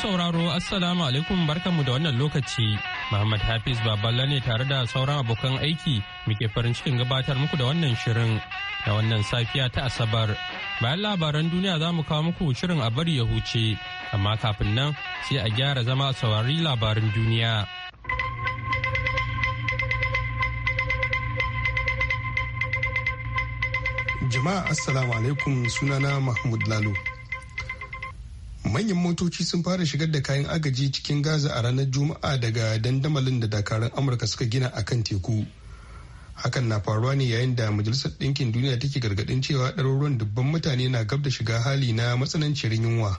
sauraro Assalamu alaikum barkanmu da wannan lokaci. Muhammad Hafiz Baballa ne tare da sauran abokan aiki muke farin cikin gabatar muku da wannan shirin da wannan safiya ta Asabar. Bayan labaran duniya za mu kawo muku shirin a bari ya huce, amma kafin nan sai a gyara zama a saurari labarin duniya. Jama'a Assalamu alaikum sunana Mahmud Lalo. manyan motoci sun fara shigar da kayan agaji cikin gaza a ranar juma'a daga dandamalin da dakarun amurka suka gina a kan teku hakan na faruwa ne yayin da majalisar ɗinkin duniya take gargaɗin cewa ɗaruruwan dubban mutane na gab da shiga hali na matsananciyar yunwa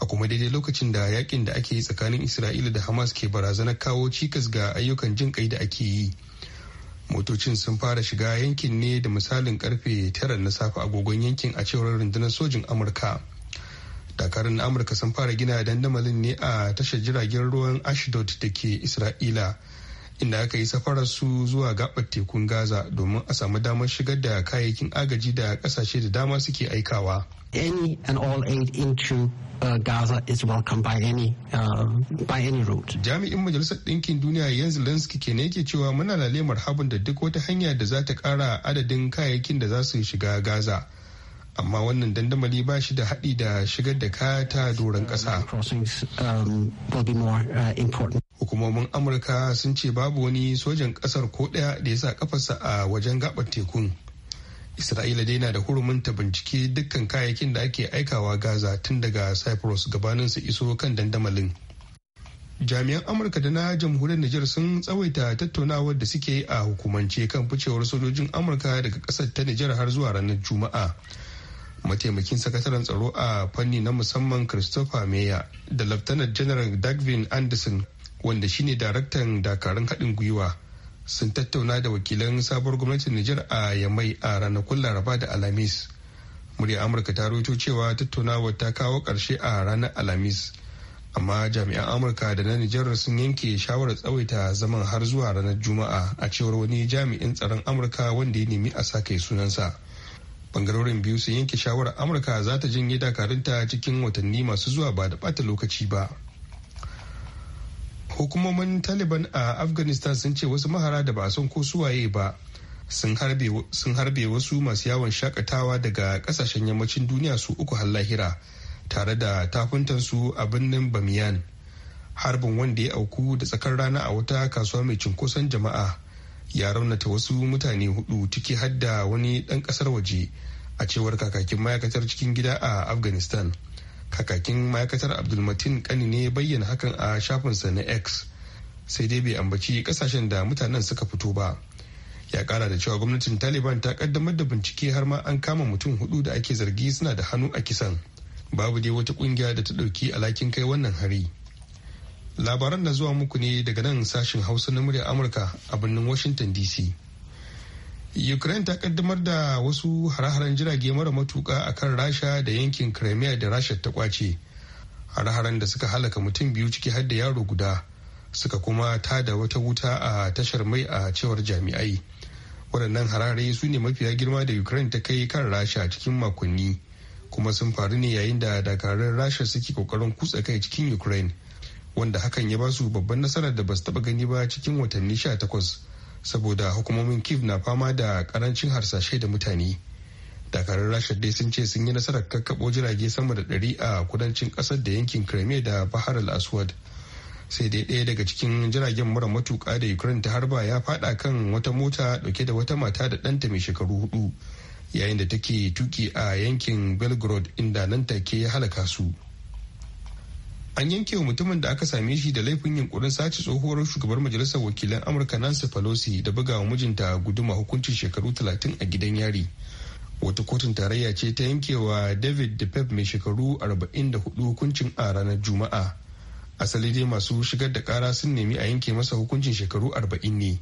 a kuma daidai lokacin da yakin da ake yi tsakanin isra'ila da hamas ke barazanar kawo cikas ga ayyukan jin kai da ake yi motocin sun fara shiga yankin ne da misalin karfe tara na safe agogon yankin a cewar rundunar sojin amurka dakarun amurka sun fara gina dandamalin ne a tashar jiragen ruwan ashdod da ke isra'ila inda aka yi safarar su zuwa gabar tekun gaza domin a samu damar shigar da kayayyakin agaji da kasashe da dama suke aikawa any and all aid into uh, Gaza is welcome by any uh, Jami'in Majalisar Ɗinkin Duniya yanzu Zelensky ke ne yake cewa muna lalemar habun da duk wata hanya da za ta kara adadin kayayyakin da za su shiga Gaza amma wannan dandamali ba shi da haɗi da shigar da ka ta doron ƙasa. Um, uh, Hukumomin Amurka sun ce babu wani sojan ƙasar ko ɗaya da ya sa kafarsa a wajen gaɓar tekun. Isra'ila dai na da hurumin ta bincike dukkan kayayyakin da ake aikawa Gaza tun daga Cyprus gabanin su iso kan dandamalin. Jami'an Amurka da na jamhuriyar niger sun tsawaita tattaunawar da suke yi a hukumance kan ficewar sojojin Amurka daga ƙasar ta niger har zuwa ranar Juma'a. mataimakin sakataren tsaro a fanni na musamman christopher meyer da laftanar general dagvin anderson wanda shine daraktan dakarun haɗin gwiwa sun tattauna da wakilan sabuwar gwamnatin niger a yamai a ranakun laraba da alhamis murya amurka ta rubuto cewa tattaunawa ta kawo ƙarshe a ranar alhamis amma jami'an amurka da na nijar sun yanke shawarar tsawaita zaman har zuwa ranar juma'a a cewar wani jami'in tsaron amurka wanda ya nemi a sa kai sunansa bangarorin biyu sun yanke shawarar amurka za ta yi dakarunta cikin watanni masu zuwa ba da bata lokaci ba hukumomin taliban a afghanistan sun ce wasu mahara da ba a son ko suwaye ba sun harbe wasu masu yawon shakatawa daga kasashen yammacin duniya su uku har lahira tare da tafuntansu a birnin bamiyan harbin wanda ya auku da tsakar rana a wata kasuwa mai cunkoson jama'a ya raunata wasu mutane hudu ciki da wani dan kasar waje a cewar kakakin ma'aikatar cikin gida a afghanistan kakakin ma'aikatar abdulmatin kani ne bayyana hakan a shafinsa na x sai dai bai ambaci kasashen da mutanen suka fito ba ya kara da cewa gwamnatin taliban ta kaddamar da bincike har ma an kama mutum hudu da ake zargi suna da hannu a kisan babu dai wata kungiya da ta dauki alakin kai wannan hari labaran na zuwa muku ne daga nan sashen hausa na murya amurka a birnin washington dc ukraine ta kaddamar da wasu hare jirage mara matuka a kan rasha da yankin crimea da rasha ta kwace hare da suka halaka mutum biyu ciki har da yaro guda suka kuma ta da wata wuta a tashar mai a cewar jami'ai waɗannan harare su ne mafiya girma da ukraine ta kai kan rasha cikin makonni kuma sun faru ne yayin da dakarun rasha suke kokarin kutsa kai cikin ukraine wanda hakan ya ba su babban nasarar da ba su taba gani ba cikin watanni 18 saboda hukumomin kiv na fama da karancin harsashe da mutane dakarun rasha dai sun ce sun yi nasarar kakkaɓo jirage sama da ɗari a kudancin ƙasar da yankin crimea da bahar al-aswad sai dai ɗaya daga cikin jiragen mara matuƙa da ukraine ta harba ya faɗa kan wata mota ɗauke da wata mata da ɗanta mai shekaru hudu yayin da take tuki a yankin belgrade inda nan take ya halaka su an yanke wa mutumin da aka same shi da laifin yunkurin sace tsohuwar shugabar majalisar wakilan amurka nancy pelosi da buga wa mijinta guduma hukuncin shekaru 30 a gidan yari wata kotun tarayya ce ta yanke wa david depep mai shekaru 44 hukuncin a ranar juma'a asali dai masu shigar da kara sun nemi a yanke masa hukuncin shekaru 40 ne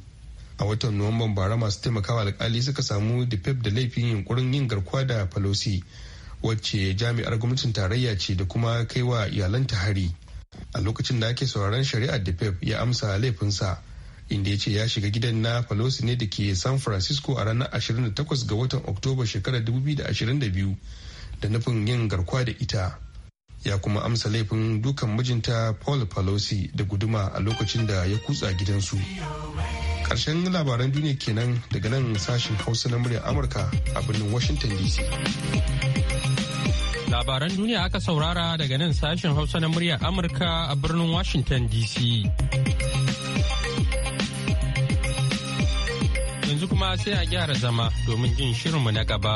a watan nuwamban bara masu taimakawa alkali suka samu depep da laifin yunkurin yin garkuwa da pelosi wacce jami'ar gwamnatin tarayya ce da kuma kai wa iyalanta hari a lokacin da ake sauraron shari'ar pep ya amsa laifinsa inda ya ce ya shiga gidan na pelosi ne da ke san francisco a ranar 28 ga watan oktoba shekarar 2022 da nufin yin garkuwa da ita ya kuma amsa laifin dukan mijinta paul pelosi da guduma a lokacin da ya kutsa gidansu. Karshen labaran duniya kenan daga nan sashen Hausa na muryar Amurka a birnin Washington DC. Labaran duniya aka saurara daga nan sashen Hausa na muryar Amurka a birnin Washington DC. Yanzu kuma sai a gyara zama domin jin shirinmu na gaba.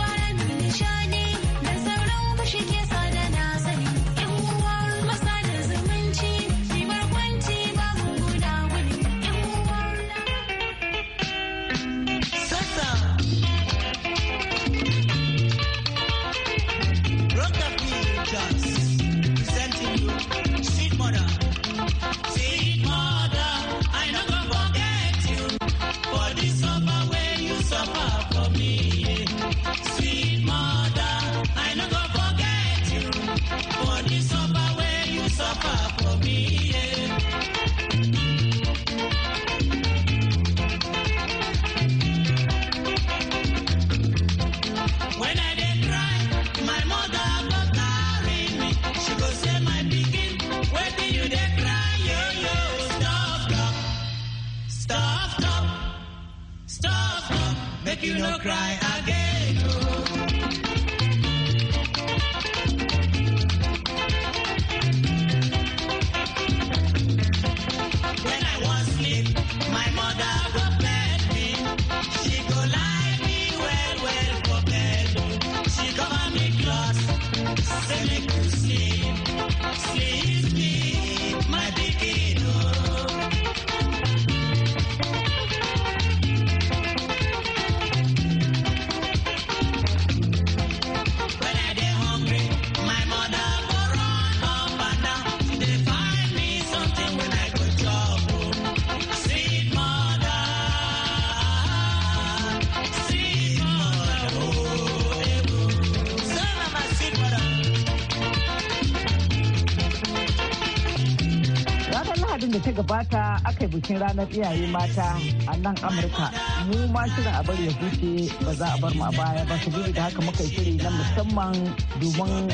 bikin ranar iyaye mata a nan amurka mu ma shirin a bari ya huce ba za a bar mu a baya ba saboda da haka muka shiri na musamman domin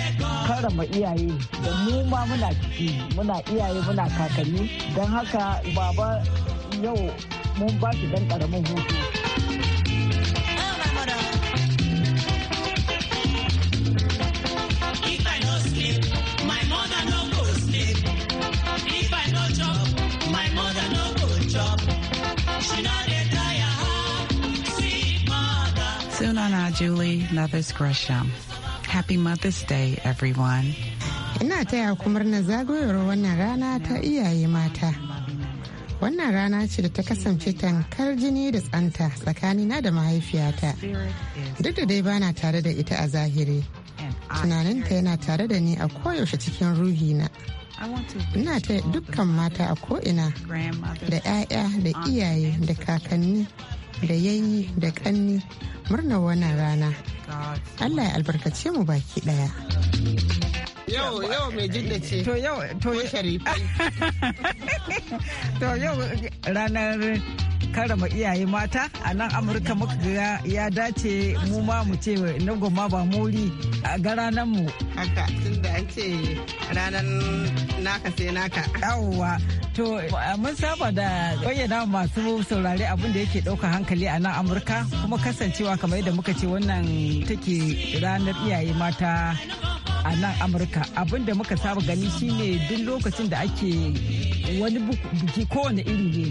karama iyaye da mu ma muna ciki muna iyaye muna kakanni don haka baba yau mun ba shi dan karamin hutu Julie Leathers Gresham. Happy Mother's Day, everyone. Ina taya kumar na zagayowar wannan rana ta iyaye mata. Wannan rana ce da ta kasance tankar jini da tsanta tsakanina da mahaifiyata. Duk da dai bana tare da ita a zahiri. Tunaninta yana tare da ni a koyaushe cikin ruhina. Ina taya dukkan mata a ko'ina da 'ya'ya da iyaye da kakanni da yayi da kanni murnar wannan rana allah ya albarkace mu baki ɗaya yau yau mai jidda ce to yau to sharifai to yau ranar karama iyaye mata a nan amurka muka ga ya dace mu ma mu ce na goma ba mori a ga ranar mu haka tunda an ce ranar naka sai naka yawwa to mun saba da bayyana masu saurari abin da yake ɗauka hankali a nan amurka kuma kasancewa kamar yadda muka ce wannan take ranar iyaye mata a nan amurka abin da muka saba gani shine duk lokacin da ake wani biki kowane iri ne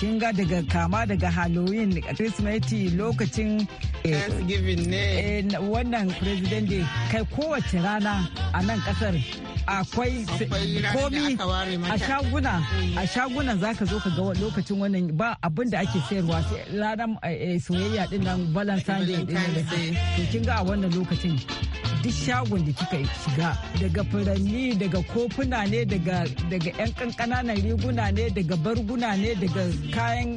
kin ga daga kama daga halloween kirsimeti lokacin eh, thanksgiving ne eh, wannan president day kai kowace rana a nan kasar akwai komi a shaguna a shaguna za ka zo ka ga lokacin wannan ba abin da ake sayarwa ranar eh, soyayya din nan valentine day to kin ga a wannan lokacin duk shagon da kika shiga daga furanni daga kofuna ne daga yan kankananan riguna ne daga barguna ne daga kayan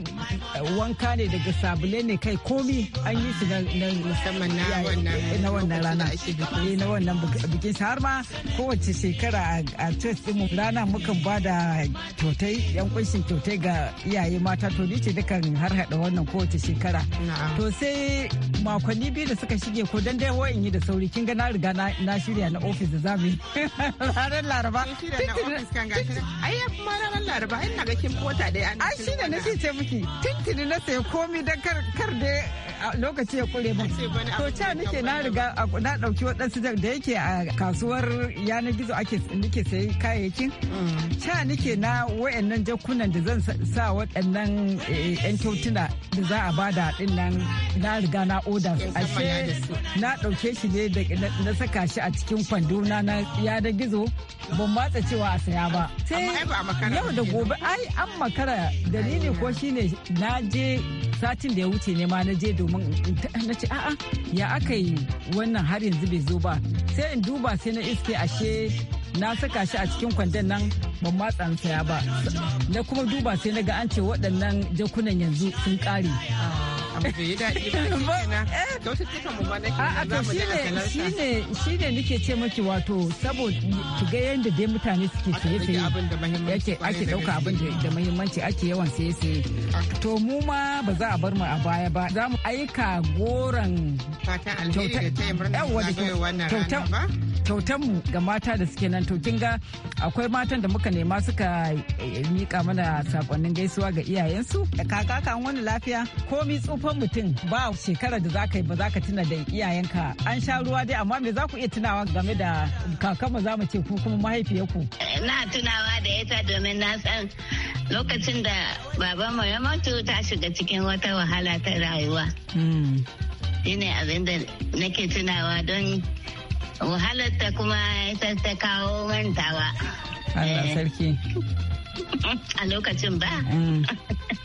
eh, wanka ne daga sabule ne kai komi an yi su musamman na wannan rana eh, na wannan bikin eh, har ma kowace shekara a church din rana muka ba da kyautai yan kunshin kyautai ga iyaye mata to ni ce dukan har hada wannan kowace shekara to sai makonni biyu da suka shige ko dan dai wa'in yi da sauri kin ga na riga na shirya na ofis da zamu ranar laraba na ofis kan ai ya kuma ranar laraba ina na ga kin kota dai an shine na ce miki tintini na sai komi dan kar kar da lokaci ya kure ba to ca nake na riga na dauki waɗansu da yake a kasuwar yanar gizo ake nake sayi kayayyakin mm. ca nake na wayannan jakunan da zan sa waɗannan yan eh, kyautuna da za a bada din nan na riga na oda ashe na dauke shi ne da na saka shi a cikin kwando na yada gizo ban matsa cewa a saya ba sai yau da gobe ai an makara dalili ko shine na je satin da ya wuce ne ma na je domin na ce a'a ya aka yi wannan har yanzu bai zo ba sai in duba sai na iske ashe na saka shi a cikin kwandon nan ban matsa saya ba na kuma duba sai na ga an ce waɗannan jakunan yanzu sun ƙare abu bai yi nake mu daga shine ce maki wato saboda ki ga yadda dai mutane suke saye saye ake ɗauka abin da mahimmanci ake yawan saye saye to mu ma ba za a bar mu a baya ba za mu aika goron fatan da ta yi murna zagayowar wannan rana ba kyautanmu ga mata da suke nan to kin ga akwai matan da muka nema suka eh, mika mana sakonnin gaisuwa ga iyayensu da kaka kan wani lafiya komi tsufan mutum ba shekara da zaka yi ba zaka tuna da iyayenka an sha ruwa dai amma me za ku iya tunawa game da kakanmu za mu ce ku kuma mahaifiyarku na tunawa da ita domin na san lokacin da baban ya mutu ta shiga cikin wata wahala ta rayuwa hmm. shine abin da nake tunawa don wahalarta kuma ita ta kawo mantawa. Allah sarki. A lokacin ba. Mm.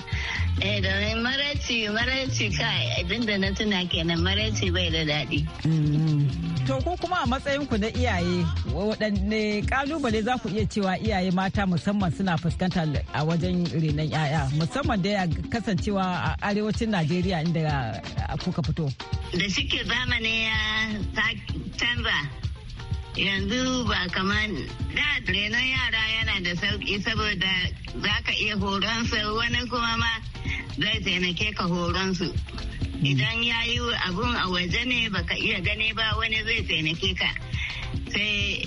Eh da maraici maraici kai abinda na tuna kenan maraici bai da daɗi. to ko kuma a ku na iyaye waɗanne kalubale za ku iya cewa iyaye mata musamman suna fuskanta a wajen renon 'ya'ya musamman da ya kasancewa a arewacin najeriya inda kuka fito da suke zamani ya canza yanzu ba kamar da renon yara yana da sauƙi saboda za ka iya horon wani kuma ma zai taimake ka horonsu idan ya yi abun a waje ne baka iya gane ba wani zai taimake ka sai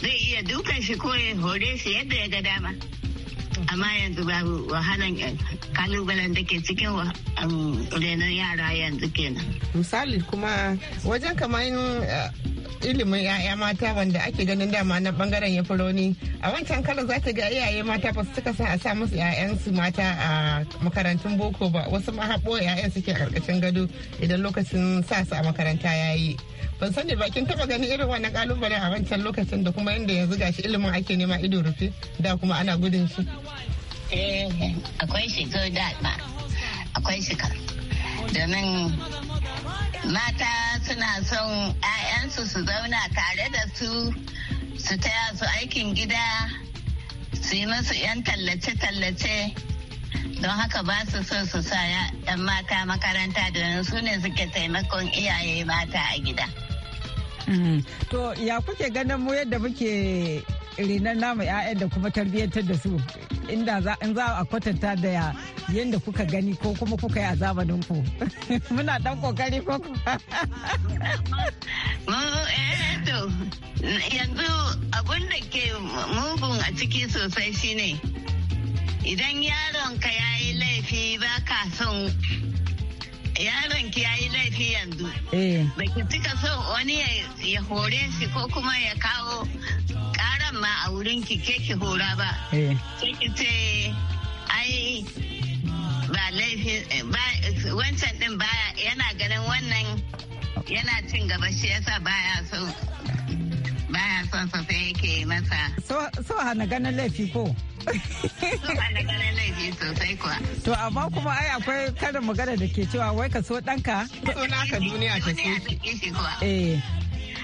zai iya dukan shi ko ya hore shi yadda ya ga dama amma yanzu babu wahalan eh, kalubalen da ke cikin um, renon yara yanzu kenan misali kuma wajen kamar eh, ilimin 'ya'ya mata wanda ake ganin dama na bangaren ya furoni a wancan kalar za ta ga iyaye mata ba su suka sa a sa musu 'ya'yansu mata a makarantun boko ba wasu ma haɓo 'ya'yan suke a ƙarƙashin gado idan lokacin sa su a makaranta ya yi ban sani ba kin taɓa ganin irin wannan kalubale a wancan lokacin da kuma yadda yanzu gashi ilimin ake nema ido rufe da kuma ana gudun shi. Eh, akwai shi da akwai shi domin mata suna son 'ya'yansu su zauna tare da su su taya su aikin gida su yi masu 'yan tallace-tallace don haka ba su so su sa 'yan mata makaranta don su ne suke taimakon iyaye mata a gida. Mm. To ya kuke ganin mu yadda muke renar namu 'ya'yan da kuma tarbiyyantar da su inda za a kwatanta da yadda kuka gani ko kuma kuka yi a zamanin ku muna dan kokari ko eh, yanzu abun da ke mugun a ciki sosai shine idan yaron ka ya yi laifi ba ka son yaron ki ya yi laifi yanzu. Eh. Baki cika so wani ya hore shi ko kuma ya kawo horon ma a wurin ki ke hora ba eh. sai ce ai ba laifin eh, wancan din baya yana ganin wannan yana cin gaba shi yasa baya so baya son sa sai yake masa so hana ganin laifi ko To amma kuma ai akwai karin magana da ke cewa wai ka so ɗanka? Ka so naka duniya ta so. Eh.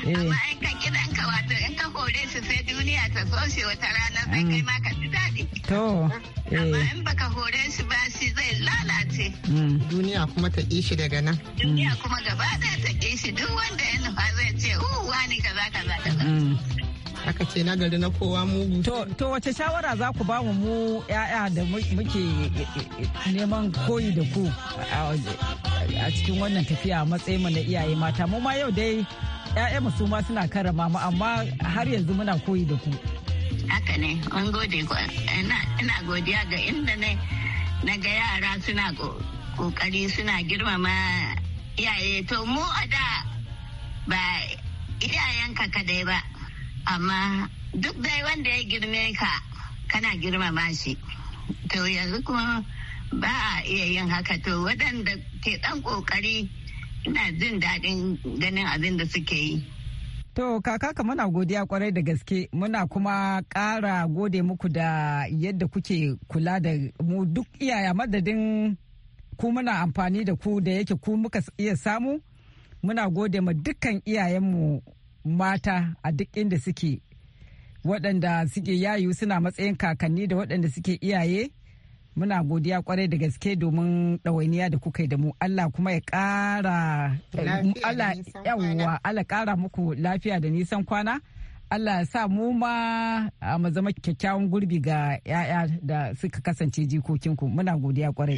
Eh. amma in ka kidan ka wato in ka kore su sai duniya ta so shi wata rana sai mm. kai ma ka ji daɗi to amma eh. in baka hore shi ba shi zai lalace mm. duniya kuma ta ƙi shi daga nan duniya mm. kuma gaba ɗaya ta ƙi shi duk wanda ya nufa zai ce uh wani kaza kaza kaza aka ce na gari na kowa mugu. To wace shawara za ku ba mu ya'ya da muke e, e, e, neman koyi da ku a cikin wannan tafiya matsayin mu na iyaye mata mu ma yau dai 'ya'yanmu su ma suna karama mu amma har yanzu muna koyi da ku. Haka ne, an gode ina godiya ga inda ne na ga yara suna kokari suna girmama iyaye to mu a da ba iyayenka kadai ba amma duk dai wanda ya girme ka kana girmama shi to yanzu kuma ba a iya yin haka to waɗanda ke ɗan ƙoƙari ina jin daɗin ganin abin da suke yi. To kakaka muna godiya kwarai da gaske muna kuma ƙara gode muku da yadda kuke kula da mu duk iyaya madadin ku muna amfani da ku da yake ku muka iya samu muna gode ma dukkan iyayenmu mata a duk inda suke waɗanda suke yayu suna matsayin kakanni da waɗanda suke iyaye muna godiya kwarai da gaske domin ɗawainiya da kuka yi da mu Allah kuma ya ƙara Allah yawwa Allah ƙara muku lafiya da nisan kwana Allah sa mu ma mu zama kyakkyawan gurbi ga 'ya'ya da suka kasance jikokinku muna godiya kwarai.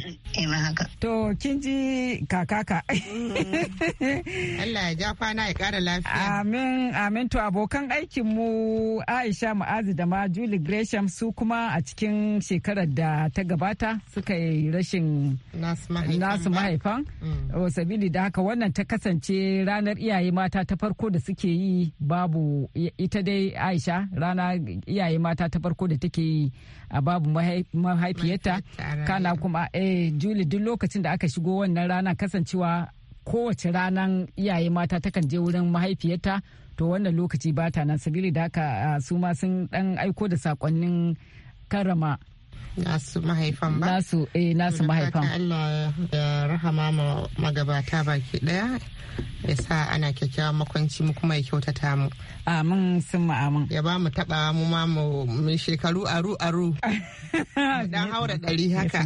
To kin ji kakaka. Mm. Allah ya ja kwana ya kara lafiya. Amin amin to abokan aikin mu Aisha Ma'azi da ma Julie Gresham su kuma a cikin shekarar da ta gabata suka yi rashin nasu mahaifan. Mm. Oh, sabili da haka wannan ta kasance ranar iyaye mata ta farko da suke yi babu ita dai aisha rana iyaye mata ta farko da take yi a babu mahaifiyarta kana kuma eh juli duk lokacin da aka shigo wannan rana kasancewa kowace ranar iyaye mata takan je wurin mahaifiyarta to wannan lokaci ba ta nan sabili da aka ah, su ma sun dan aiko da sakonnin karrama nasu mahaifan ba nasu eh nasu mahaifan Allah ya rahama ma magabata baki daya ya sa ana kyakkyawan makwanci mu kuma ya kyautata mu amin sun amin ya ba mu taba mu ma mu shekaru aru aru dan haura dari haka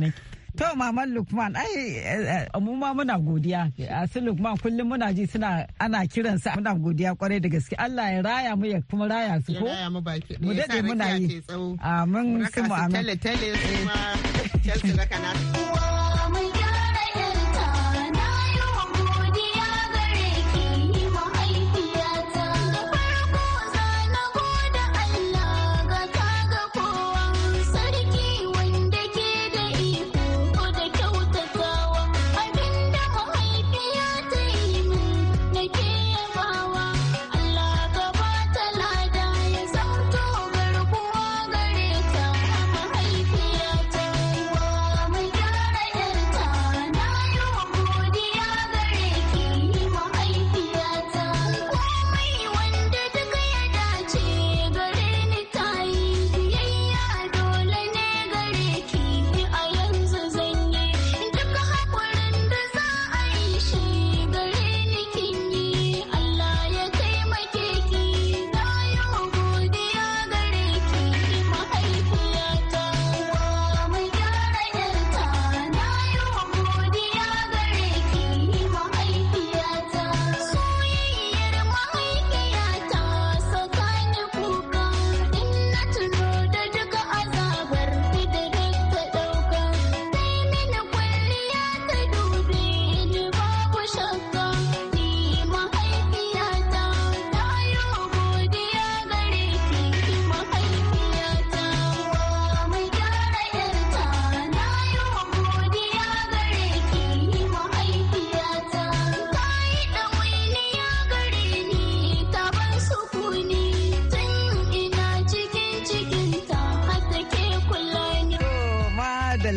To Maman Lukman ai eh, eh, mu ma muna godiya. Su Lukman kullum muna ji suna ana kiransa muna godiya kwarai da gaske. Allah ya raya mu ya kuma raya su ko. Ya raya mu baki. Mu dade muna yi. Amin su mu amin. Tele tele su ma. Chelsea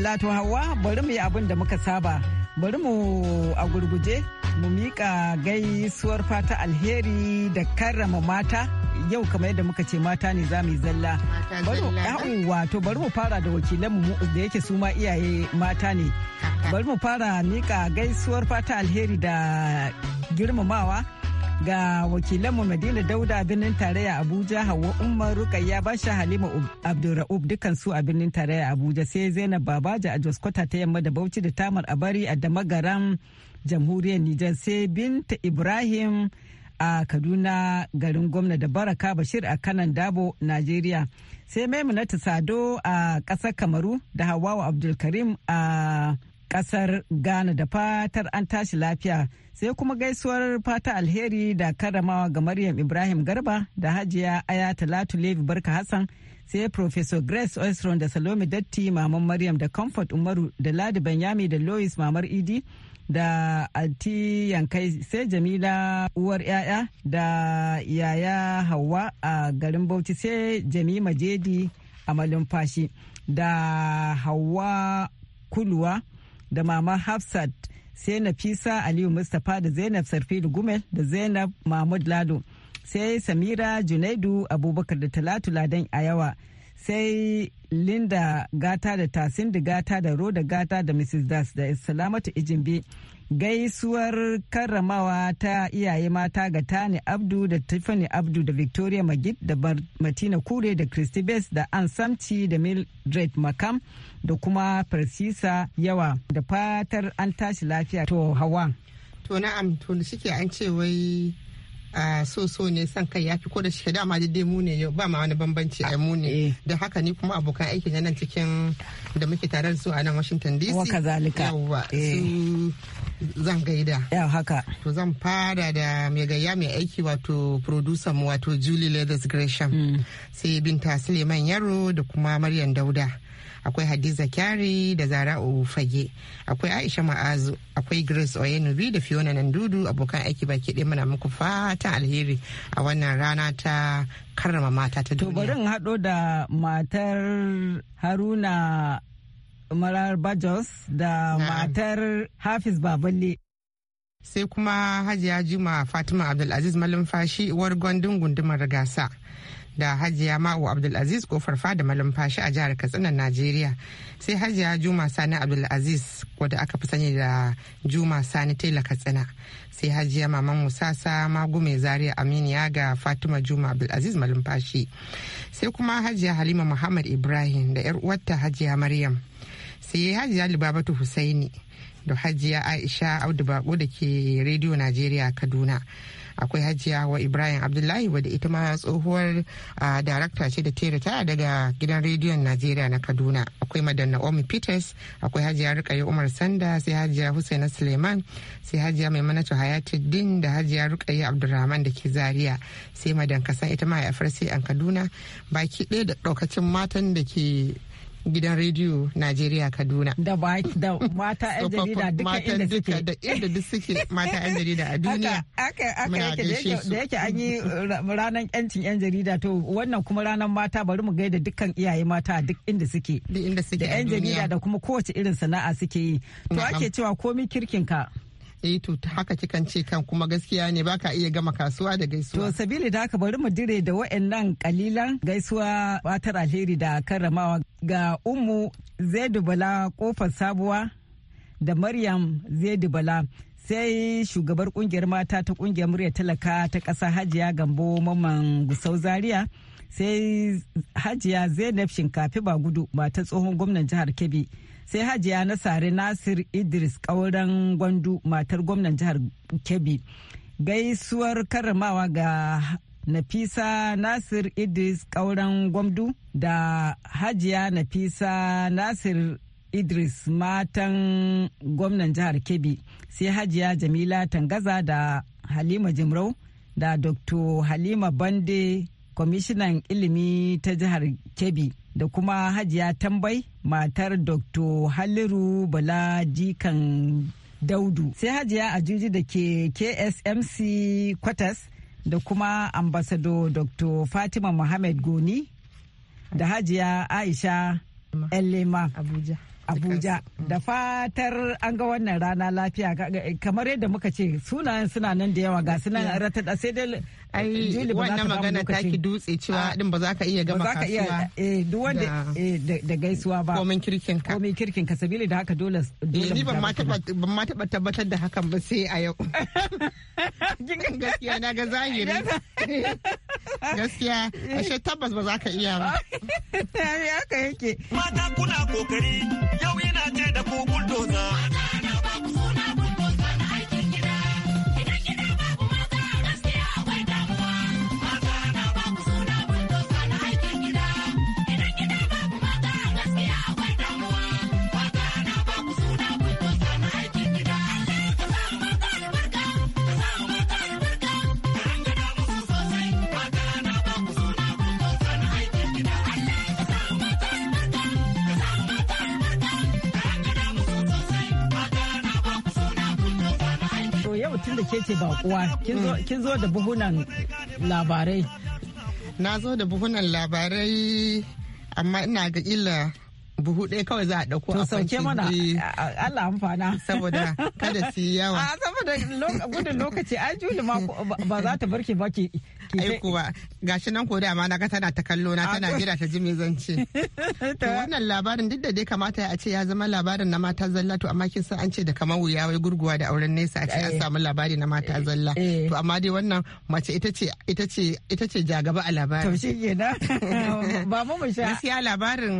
Talatu hawa bari mu yi abin da muka saba bari mu a gurguje mu miƙa gaisuwar fata alheri da karrama mata yau kamar yadda muka ce mata ne za mu zalla wato bari mu fara da wakilanmu da yake su ma iyaye mata ne bari mu fara miƙa gaisuwar fata alheri da girmamawa ga wakilanmu Madina Dauda a birnin tarayya Abuja Hauwa Umar Rukayya Basha Halima Abdulra'ub dukkan su a birnin tarayya Abuja sai Zainab Babaja a Jos Kwata ta yamma da Bauchi da Tamar Abari a damagaran Jamhuriyar Nijar sai Binta Ibrahim a Kaduna garin gwamna da Baraka Bashir a kanan Dabo Najeriya sai Maimunatu Sado a ƙasar Kamaru da Hawawa Abdulkarim a kasar Ghana da fatar an tashi lafiya sai kuma gaisuwar fata alheri da karamawa ga Maryam Ibrahim Garba da Hajiya Aya Talatu Levi Barka Hassan sai Professor Grace Oisron da Salome Datti Maman Maryam da Comfort Umaru da Ladi Banyami da Lois Mamar Idi da Alti Yankai sai Jamila uwar yaya da yaya hawa a garin Bauchi sai Jamima Jedi a Malumfashi da hawa Kuluwa da mama hafsat sai nafisa aliyu mustapha da zainab sarfilu gumel da zainab mahmud lado sai samira junaidu abubakar da talatu ladan ayawa sai linda gata da tasin da gata da roda gata da mrs das da salamatu ijimbe gaisuwar karramawa ta iyaye mata ga tani abdu da tiffany abdu da victoria magid da martina kure da christy best da an samci da mildred makam da kuma farsisa yawa da fatar an tashi lafiya to hawa to na'am to suke an ce wai so so ne san kai ya fi ko da shi dama dai mu ne ba ma wani bambanci ai mu ne eh. da haka ni kuma abokan aiki na nan cikin da muke tare da su a nan Washington DC wa kazalika yawa eh. zan gaida yau haka to zan fara da mai gayya mai aiki wato producer mu wato Julie Leathers Gresham mm. sai Binta Suleiman Yaro da kuma Maryam Dauda akwai hadiza kyari da zara fage akwai aisha ma'azu akwai grace oyenubi da fiona nandudu abokan aiki baki ɗaya muna muku fatan alheri a wannan rana ta karrama mata ta duniya. bari in haɗo da matar haruna marar bajos da matar hafiz baballe sai kuma hajiya juma fatima abdulaziz malumfashi uwar gwandun gundumar gasa da hajiya ma'u abdulaziz kofar fada Fashi a jihar katsina najeriya sai hajiya juma sani abdulaziz wadda aka fi sani da juma sani tela katsina sai hajiya maman musasa magume zaria aminiya ga fatima juma abdulaziz Fashi. sai kuma hajiya halima muhammad ibrahim da yar uwarta hajiya maryam sai hajiya libabatu husaini da hajiya aisha audu bako da ke rediyo najeriya kaduna akwai hajiya wa ibrahim abdullahi wadda ita ma tsohuwar darakta ce da ta daga gidan rediyon najeriya na kaduna akwai madanna omi peters akwai hajiya rukayi umar sanda sai hajiya Hussaina suleiman sai hajiya mai maimunatu din da hajiya rukayi abdulrahman da ke zaria sai madan kasan ita ma haifar sai an kaduna baki ɗaya da ɗaukacin matan da ke gidan rediyo Najeriya Kaduna. Da mata 'yan jarida duka inda suke. Da inda duk suke mata 'yan jarida a duniya. Aka aka yake Da yake an yi ranar 'yancin 'yan jarida to wannan kuma ranar mata bari mu gaida dukkan iyaye mata duk inda suke. Da inda suke a duniya. Da 'yan jarida da kuma kowace irin sana'a suke yi. To ake cewa komi kirkin ka eh to haka kikan ce kan kuma gaskiya ne baka iya gama kasuwa da gaisuwa to sabili da haka bari mu dire da wa'annan kalilan gaisuwa batar alheri da karramawa ga ummu zaidu bala kofar sabuwa da maryam zaidu bala sai shugabar kungiyar mata ta kungiyar murya talaka ta kasa hajiya gambo maman gusau zaria sai hajiya zainab shinkafi ba gudu mata tsohon gwamnan jihar kebbi sai hajiya na sare nasir idris ƙauren gwandu matar gwamnan jihar kebbi gaisuwar karramawa ga Nafisa Nasir Idris Kauran Gwamdu da Hajiya Nafisa Nasir Idris matan gwamnan jihar Kebbi sai Hajiya Jamila Tangaza da Halima Jimrau da Dr. Halima Bande kwamishinan ilimi ta jihar Kebbi da kuma hajiya tambai matar dr haliru bala jikan daudu sai hajiya ajuji da ke ksmc kwatas da kuma ambasado dr fatima muhammad goni da hajiya aisha elema abuja abuja da fatar an ga wannan rana lafiya kamar yadda muka ce sunayen suna nan da yawa ga sunan da sai dai ai eh, wannan magana ta ki dutse cewa ah, din ba za ka iya gama kasuwa eh duk wanda eh, da gaisuwa ba komin kirkin ka komin kirkin ka sabili da haka dole eh, dole ni ban ma taba ban ma taba tabbatar da hakan ba sai a yau kin gaskiya na ga zahiri gaskiya ashe tabbas ba za ka iya ba Ya haka yake mata kuna kokari yau yana ce da ku bulldozer da ke ce bakuwa kin zo da buhunan labarai na zo da buhunan labarai amma ina ga illa buhu ɗaya kawai za a ɗauko a sauke mana Allah amfana saboda kada su yi yawa a saboda gudun lokaci ai juli ma ba za ta barke ba ki aiku ba gashi nan ko da ma na ga tana ta kallo na tana jira ta ji me zan ce to wannan labarin duk da dai kamata a ce ya zama labarin na mata zalla to amma kin san an ce da kamar wuya wai gurguwa da auren nesa a ce an eh. samu labari na mata eh. zalla eh. to amma dai wannan mace ita ce ita ce ita ce jagaba a labarin to shi kenan ba mu mu sha gaskiya labarin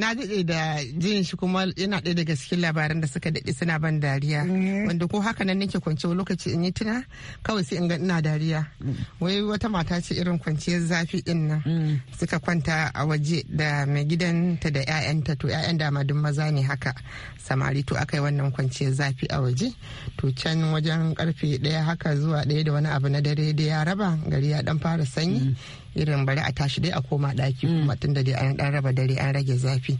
na da jin shi kuma yana ɗaya daga cikin labaran da suka daɗe suna ban dariya mm. wanda ko haka nan nake kwance lokaci in yi tuna kawai sai in ga ina dariya mm. wai wata mata ce irin kwanciyar zafi din nan mm. suka kwanta a waje da mai gidanta da 'ya'yanta to 'ya'yan dama madun maza ne haka samari to aka yi wannan kwanciyar zafi a waje to can wajen karfe ɗaya haka zuwa ɗaya da wani abu na dare da ya raba gari ya dan fara sanyi irin bari a tashi dai a koma daki mm. kuma tunda dai an dan raba dare an rage zafi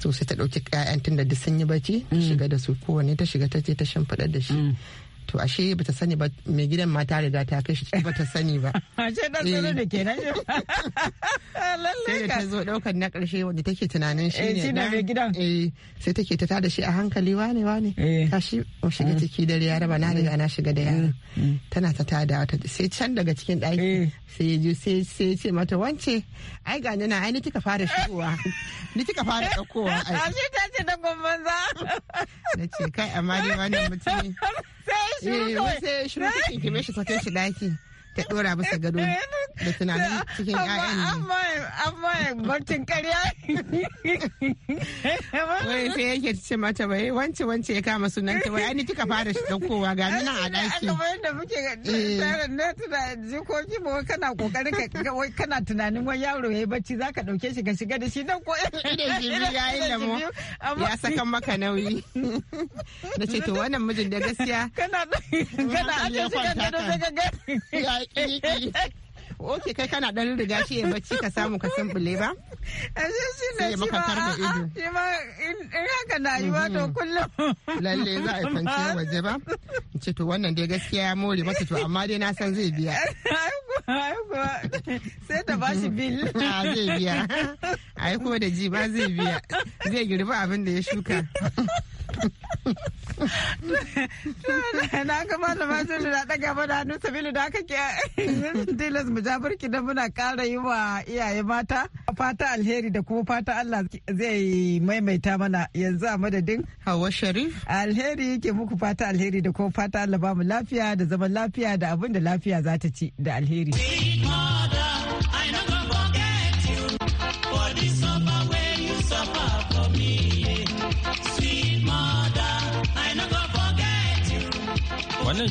sosai ta ɗauki 'ya'yan tunda duk sun yi bacci ta mm. shiga da su kowanne ta shiga ta ce ta shimfiɗar da shi mm. to ashe bata sani ba mai gidan ma ta riga ta kai shi bata sani ba ashe dan tsoro eh. da ke nan lalle ka ta zo daukar na karshe wanda take tunanin shi eh, ne na mai gidan eh sai take ta tada shi a hankali wane wane eh. ta shi o shiga ciki da ya raba na riga na shiga da yara tana ta tada ta sai can daga cikin daki sai ya sai sai ce mata wance ai ga nana ai ni kika fara shigowa ni kika fara daukowa ai ashe ta ce da gomban za na ce kai amma dai wani mutum sai shiru eh, kawai sai shiru eh? kake kime shi sake shi daki ta dora masa gado da tunanin cikin ƴaƴan amma amma barcin ƙarya wai sai yake ce mata bai wance wance ya kama sunan ta wai ni kika fara shi daukowa ga ni nan a daki kamar yadda muke tsarin na tuna jikoki ba kana kokarin ka wai kana tunanin wani yaro yayi bacci zaka dauke shi ka shiga da shi dan ko idan jibi yayi lamo ya saka maka nauyi na ce to wannan mijin da gaskiya kana kana aje shi kan gado sai ga Oke kai kana dan riga shi ya bacci ka samu ka sumbule ba? Ashe shi ne ah, shi ma shi ma in haka na yi wato mhm. kullum. Lalle za a yi waje ba? Ce to wannan dai gaskiya ya more masa to amma dai na san zai biya. Sai ta ba shi bil. Ah, zai biya. A yi kuma da ji ba zai biya. Zai girbi abin da ya shuka. na ga malama na daga mana hannu sabili da aka ke tilas mu da muna kara yi wa iyaye mata fata alheri da kuma fata Allah zai maimaita mana yanzu a madadin Hawa Sharif alheri ke muku fata alheri da kuma fata Allah ba mu lafiya da zaman lafiya da abin da lafiya za ta ci da alheri.